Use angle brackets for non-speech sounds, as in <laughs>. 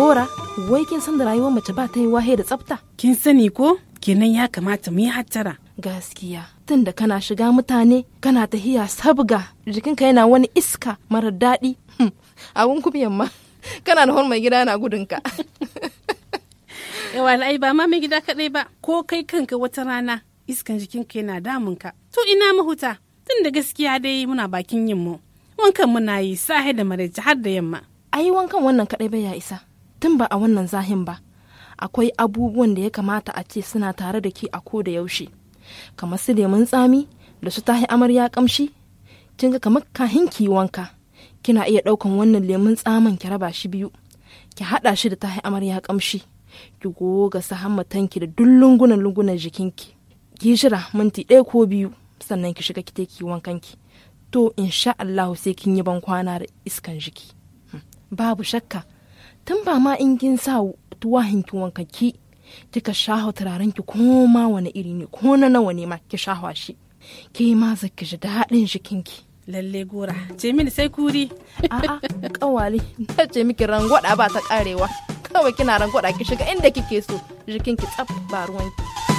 gora wai kin san da rayuwar mace ba ta yi wahe da tsafta? Kin sani ko? Kenan ya kamata mu yi hattara. Gaskiya, tun da kana shiga mutane, kana tahiya sabga, jikinka yana wani iska marar daɗi. wun kuma yamma kana da mai gida na gudunka. <laughs> Yawa ai ba ma mai gida kaɗai ba, ko kai kanka wata rana iskan jikinka yana ka. To ina mahuta, tun da gaskiya dai muna bakin yin mu. Wankan muna yi sahi da maraice har da yamma. Ai wankan wannan kaɗai ba ya isa. tun ba a wannan zahin ba akwai abubuwan da ya kamata a ce suna tare da ki a ko da yaushe kamar su lemun tsami da su tahi amarya kamshi kin kamar kahin ki wanka kina iya ɗaukan wannan lemun tsaman ki raba shi biyu ki haɗa shi da tahi amarya kamshi ki goga su hammatanki da duk lungunan lungunan jikinki ki jira minti ɗaya ko biyu sannan ki shiga kite ki wankanki to insha Allah sai kin yi ban kwana da iskan jiki hmm. babu shakka tun ba ma in kin sa tuwahin ki wankaki kika shaho turaren ki ko ma wani iri ne ko na nawa ne ma ki shaho shi ke ma zaki ji daɗin jikinki lalle gora ce mini sai kuri a'a kawali na ce miki rangwada ba ta karewa kawai kina rangwada ki shiga inda kike so jikin ki tsaf ba ruwan ki.